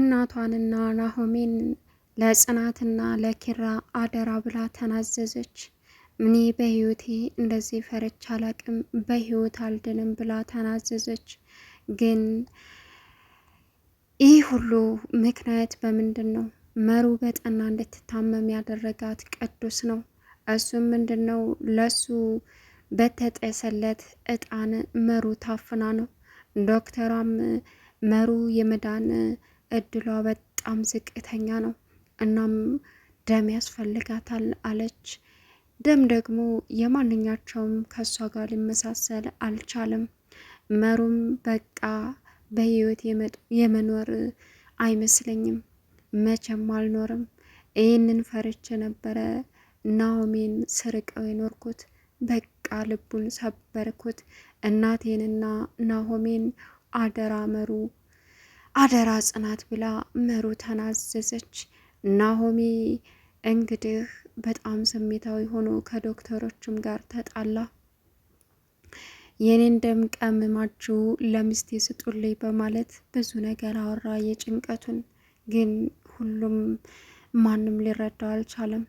እናቷንና ናሆሜን ለጽናትና ለኪራ አደራ ብላ ተናዘዘች። እኔ በህይወቴ እንደዚህ ፈርቻ አላቅም፣ በህይወት አልድንም ብላ ተናዘዘች። ግን ይህ ሁሉ ምክንያት በምንድን ነው? መሩ በጠና እንድትታመም ያደረጋት ቅዱስ ነው። እሱም ምንድን ነው ለሱ በተጠሰለት እጣን መሩ ታፍና ነው። ዶክተሯም መሩ የመዳን እድሏ በጣም ዝቅተኛ ነው። እናም ደም ያስፈልጋታል አለች። ደም ደግሞ የማንኛቸውም ከእሷ ጋር ሊመሳሰል አልቻለም። መሩም በቃ በህይወት የመኖር አይመስለኝም፣ መቼም አልኖርም። ይህንን ፈርች ነበረ ናኦሚን ስርቀው የኖርኩት በቃ ልቡን ሰበርኩት። እናቴንና ናሆሜን አደራ መሩ አደራ ጽናት ብላ መሩ ተናዘዘች። ናሆሚ እንግዲህ በጣም ስሜታዊ ሆኖ ከዶክተሮችም ጋር ተጣላ። የኔን ደም ቀምማችሁ ለሚስቴ ስጡልኝ በማለት ብዙ ነገር አወራ። የጭንቀቱን ግን ሁሉም ማንም ሊረዳው አልቻለም።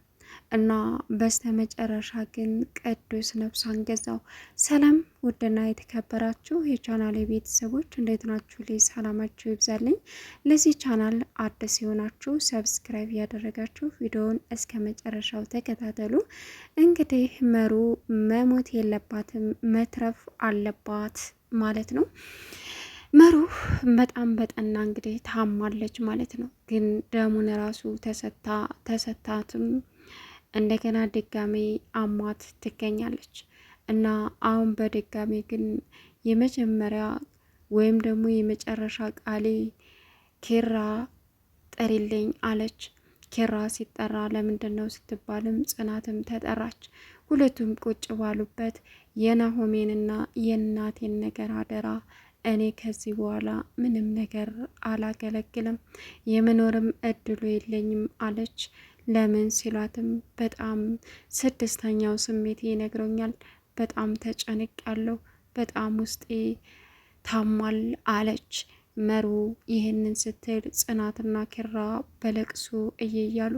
እና በስተመጨረሻ ግን ቅዱስ ነፍሷን ገዛው። ሰላም ውድና የተከበራችሁ የቻናል ቤተሰቦች እንዴት ናችሁ? ላይ ሰላማችሁ ይብዛልኝ። ለዚህ ቻናል አዲስ የሆናችሁ ሰብስክራይብ ያደረጋችሁ ቪዲዮውን እስከ መጨረሻው ተከታተሉ። እንግዲህ መሩ መሞት የለባትም መትረፍ አለባት ማለት ነው። መሩ በጣም በጠና እንግዲህ ታማለች ማለት ነው። ግን ደሙን ራሱ ተሰታ ተሰታትም እንደገና ድጋሚ አሟት ትገኛለች እና አሁን በድጋሚ ግን የመጀመሪያ ወይም ደግሞ የመጨረሻ ቃሌ ኪራ ጠሪልኝ አለች። ኪራ ሲጠራ ለምንድን ነው ስትባልም ጽናትም ተጠራች። ሁለቱም ቁጭ ባሉበት የናሆሜንና የእናቴን ነገር አደራ እኔ ከዚህ በኋላ ምንም ነገር አላገለግልም፣ የመኖርም እድሉ የለኝም አለች። ለምን ሲሏትም በጣም ስድስተኛው ስሜት ይነግረኛል። በጣም ተጨንቅ ያለው በጣም ውስጤ ታሟል አለች። መሩ ይህንን ስትል ጽናትና ኪራ በለቅሱ እየያሉ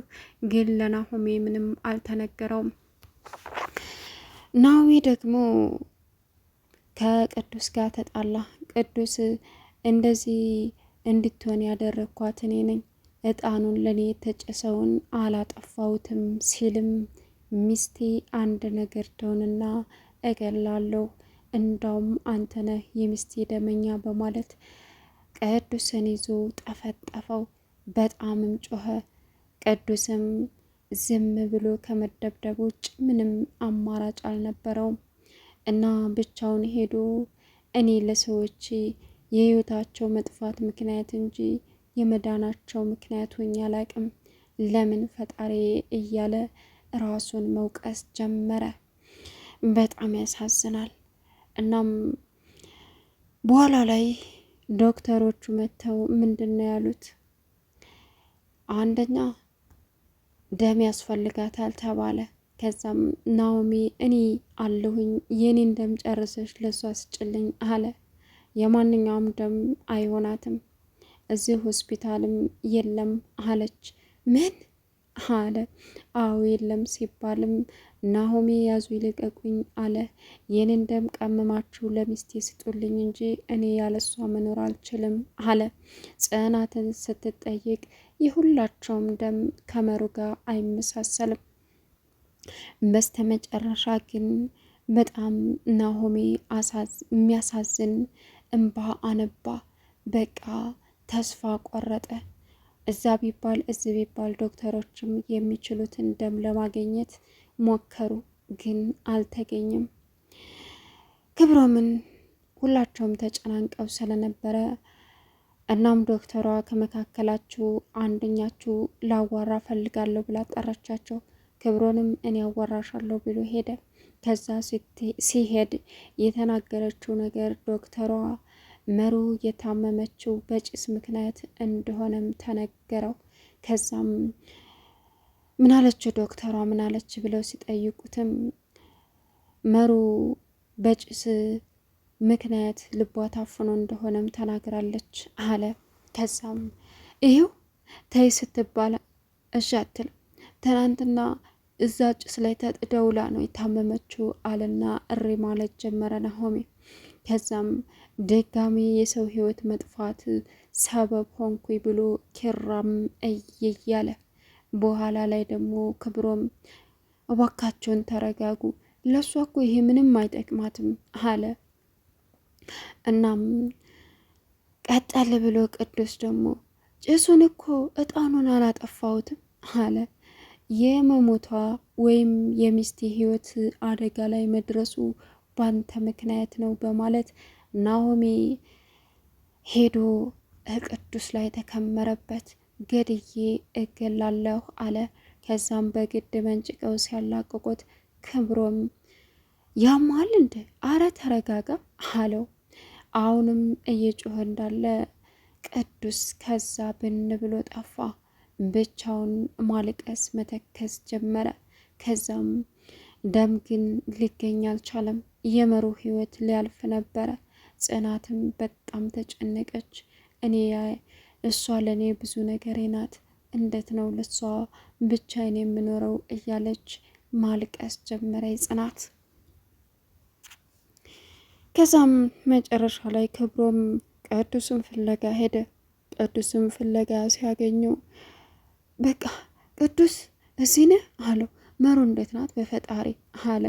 ግን ለናሆሜ ምንም አልተነገረውም። ናዊ ደግሞ ከቅዱስ ጋር ተጣላ። ቅዱስ እንደዚህ እንድትሆን ያደረግኳት እኔ ነኝ እጣኑን ለእኔ የተጨሰውን አላጠፋሁትም ሲልም ሚስቴ አንድ ነገር ትሆንና እገላለሁ፣ እንዳውም አንተ ነህ የሚስቴ ደመኛ በማለት ቅዱስን ይዞ ጠፈጠፈው። በጣምም ጮኸ። ቅዱስም ዝም ብሎ ከመደብደብ ውጭ ምንም አማራጭ አልነበረውም እና ብቻውን ሄዶ እኔ ለሰዎች የህይወታቸው መጥፋት ምክንያት እንጂ የመዳናቸው ምክንያት ሆኜ አላቅም ለምን ፈጣሪ እያለ ራሱን መውቀስ ጀመረ። በጣም ያሳዝናል። እናም በኋላ ላይ ዶክተሮቹ መጥተው ምንድን ነው ያሉት? አንደኛ ደም ያስፈልጋታል ተባለ። ከዛም ናኦሚ እኔ አለሁኝ የኔን ደም ጨርሰሽ ለሷ ስጭልኝ አለ። የማንኛውም ደም አይሆናትም እዚህ ሆስፒታልም የለም አለች። ምን አለ? አዎ የለም ሲባልም ናሆሜ ያዙ ይልቀቁኝ አለ። የኔን ደም ቀመማችሁ ለሚስቴ ስጡልኝ እንጂ እኔ ያለሷ መኖር አልችልም አለ። ጽናትን ስትጠይቅ የሁላቸውም ደም ከመሩ ጋር አይመሳሰልም። በስተመጨረሻ ግን በጣም ናሆሜ የሚያሳዝን እንባ አነባ። በቃ ተስፋ ቆረጠ። እዛ ቢባል እዚ ቢባል ዶክተሮችም የሚችሉትን ደም ለማግኘት ሞከሩ፣ ግን አልተገኘም። ክብሮምን ሁላቸውም ተጨናንቀው ስለነበረ እናም ዶክተሯ ከመካከላችሁ አንደኛችሁ ላዋራ ፈልጋለሁ ብላ ጠራቻቸው። ክብሮንም እኔ አዋራሻለሁ ብሎ ሄደ። ከዛ ሲሄድ የተናገረችው ነገር ዶክተሯ መሩ የታመመችው በጭስ ምክንያት እንደሆነም ተነገረው። ከዛም ምናለችው ዶክተሯ ምናለች ብለው ሲጠይቁትም መሩ በጭስ ምክንያት ልቧ ታፍኖ እንደሆነም ተናግራለች አለ። ከዛም ይኸው ተይ ስትባል እሺ አትልም። ትናንትና እዛ ጭስ ላይ ተጥደውላ ነው የታመመችው አለና እሪ ማለት ጀመረ ናሆሜ። ከዛም ድጋሜ የሰው ህይወት መጥፋት ሰበብ ሆንኩ ብሎ ኪራም እያለ በኋላ ላይ ደግሞ ክብሮም እባካቸውን ተረጋጉ፣ ለእሷ እኮ ይሄ ምንም አይጠቅማትም አለ። እናም ቀጠል ብሎ ቅዱስ ደግሞ ጭሱን እኮ እጣኑን አላጠፋሁትም አለ። የመሞቷ ወይም የሚስቴ ህይወት አደጋ ላይ መድረሱ ባንተ ምክንያት ነው በማለት ናሆሚ ሄዶ ቅዱስ ላይ ተከመረበት። ገድዬ እገላለሁ አለ። ከዛም በግድ መንጭቀው ሲያላቅቁት ክብሮም ያማል እንደ አረ ተረጋጋ አለው። አሁንም እየጮኸ እንዳለ ቅዱስ ከዛ ብን ብሎ ጠፋ። ብቻውን ማልቀስ መተከስ ጀመረ። ከዛም ደም ግን ሊገኝ አልቻለም። የመሩ ህይወት ሊያልፍ ነበረ። ጽናትም በጣም ተጨነቀች። እኔ እሷ ለእኔ ብዙ ነገሬ ናት፣ እንዴት ነው ለሷ ብቻዬን የምኖረው እያለች ማልቀስ ጀመረ ጽናት። ከዛም መጨረሻ ላይ ክብሮም ቅዱስን ፍለጋ ሄደ። ቅዱስም ፍለጋ ሲያገኘው በቃ ቅዱስ እዚህ ነህ አለው። መሩ እንዴት ናት በፈጣሪ አለ።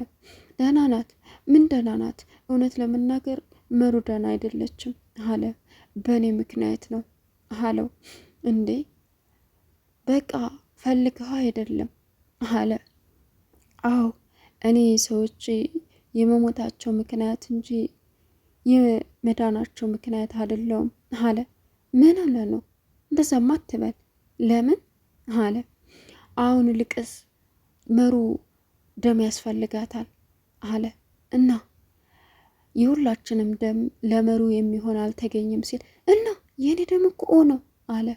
ደህና ናት። ምን ደህና ናት? እውነት ለመናገር መሩ ደህና አይደለችም አለ። በእኔ ምክንያት ነው አለው። እንዴ በቃ ፈልግህ አይደለም አለ። አዎ እኔ ሰዎች የመሞታቸው ምክንያት እንጂ የመዳናቸው ምክንያት አይደለውም አለ። ምን አለ ነው እንደዛማ አትበል። ለምን አለ አሁን ልቅስ መሩ ደም ያስፈልጋታል አለ እና የሁላችንም ደም ለመሩ የሚሆን አልተገኘም ሲል እና የኔ ደም እኮ ነው አለ።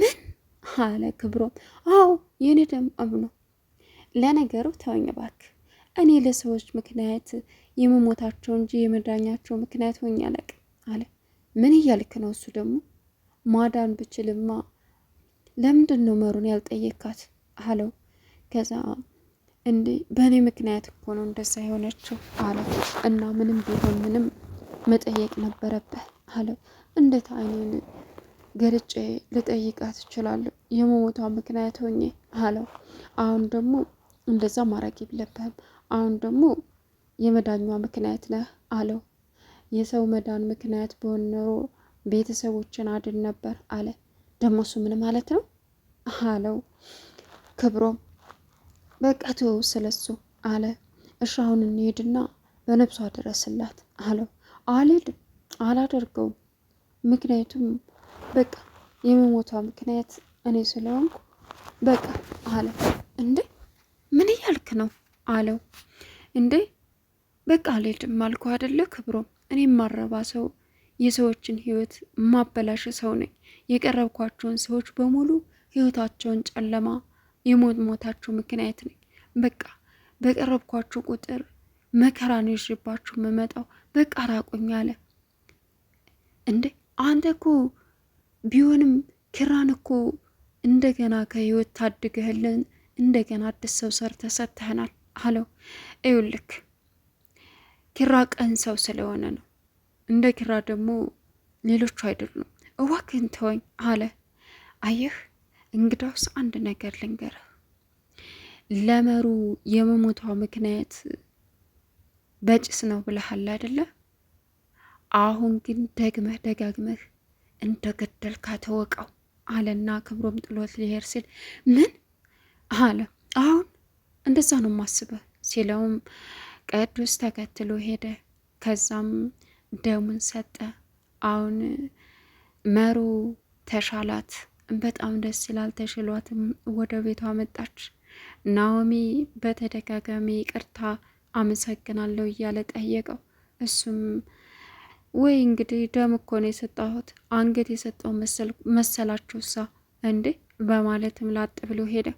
ምን አለ ክብሮም። አዎ የኔ ደም እብ ነው። ለነገሩ ተወኝ እባክህ፣ እኔ ለሰዎች ምክንያት የመሞታቸው እንጂ የመዳኛቸው ምክንያት ሆኜ አለቅ አለ። ምን እያልክ ነው? እሱ ደግሞ ማዳን ብችልማ ለምንድን ነው መሩን ያልጠየካት አለው። ከዛ እንዴ በእኔ ምክንያት እኮ ነው እንደዛ የሆነችው አለ እና ምንም ቢሆን ምንም መጠየቅ ነበረብህ አለ እንዴት አይኔን ገርጬ ልጠይቃት እችላለሁ የመሞቷ ምክንያት ሆኜ አለው አሁን ደግሞ እንደዛ ማድረግ የለብህም አሁን ደግሞ የመዳኛ ምክንያት ነህ አለው የሰው መዳን ምክንያት በሆን ኖሮ ቤተሰቦችን አድን ነበር አለ ደግሞ እሱ ምን ማለት ነው አለው ክብሮም በቃ ተው ስለሱ አለ። እሺ አሁን እንሄድና በነብሷ ድረስላት አለው። አልሄድም፣ አላደርገውም። ምክንያቱም በቃ የመሞቷ ምክንያት እኔ ስለሆንኩ በቃ አለ። እንዴ ምን እያልክ ነው አለው። እንዴ በቃ አልሄድም አልኩ አደለ ክብሮ። እኔ ማረባ ሰው የሰዎችን ህይወት ማበላሽ ሰው ነኝ። የቀረብኳቸውን ሰዎች በሙሉ ህይወታቸውን ጨለማ የሞት ሞታችሁ ምክንያት ነኝ። በቃ በቀረብኳችሁ ቁጥር መከራ ነው ይዤባችሁ የምመጣው። በቃ ራቁኝ አለ። እንዴ አንተ እኮ ቢሆንም ኪራን እኮ እንደገና ከህይወት ታድገህልን እንደገና አዲስ ሰው ሰር ሰጥተህናል አለው። እዩልክ ኪራ ቀን ሰው ስለሆነ ነው። እንደ ኪራ ደግሞ ሌሎቹ አይደሉም። እዋክን ተወኝ አለ። አየህ እንግዳውስ አንድ ነገር ልንገር፣ ለመሩ የመሞቷ ምክንያት በጭስ ነው ብለሃል አይደለ? አሁን ግን ደግመህ ደጋግመህ እንደ ገደልካ ተወቀው አለና ክብሮም ጥሎት ሊሄድ ሲል ምን አለ? አሁን እንደዛ ነው ማስበህ ሲለውም ቅዱስ ተከትሎ ሄደ። ከዛም ደሙን ሰጠ። አሁን መሩ ተሻላት። በጣም ደስ ይላል ተሽሏትም ወደ ቤቷ መጣች። ናኦሚ በተደጋጋሚ ቅርታ አመሰግናለሁ እያለ ጠየቀው። እሱም ወይ እንግዲህ ደም እኮ ነው የሰጣሁት አንገት የሰጠው መሰላችሁ ሳ እንዴ በማለትም ላጥ ብሎ ሄደ።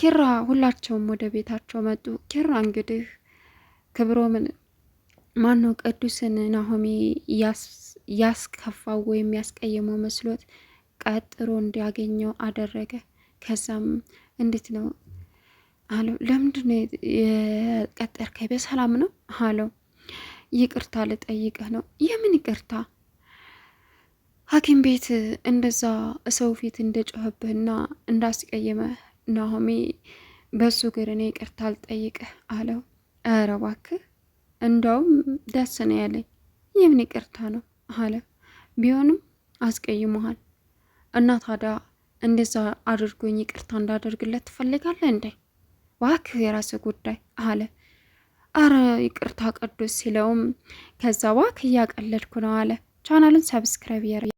ኪራ ሁላቸውም ወደ ቤታቸው መጡ። ኪራ እንግዲህ ምን ማነው ቅዱስን ናሆሚ ያስከፋው ወይም ያስቀየመው መስሎት ቀጥሮ እንዲያገኘው አደረገ። ከዛም እንዴት ነው አለው። ለምንድን ነው የቀጠርከኝ? በሰላም ነው አለው። ይቅርታ ልጠይቅህ ነው። የምን ይቅርታ? ሐኪም ቤት እንደዛ ሰው ፊት እንደጮኸብህና እንዳስቀየመህ ናሆሜ በሱ ግር እኔ ይቅርታ ልጠይቅህ አለው። ኧረ እባክህ እንደውም ደስ ነው ያለኝ። የምን ይቅርታ ነው አለ። ቢሆንም አስቀይመሃል እና ታዲያ እንደዛ አድርጎኝ ይቅርታ እንዳደርግለት ትፈልጋለህ እንዴ? እባክህ የራስ ጉዳይ አለ። አረ ይቅርታ ቅዱስ ሲለውም ከዛ እባክህ እያቀለድኩ ነው አለ። ቻናልን ሰብስክራይብ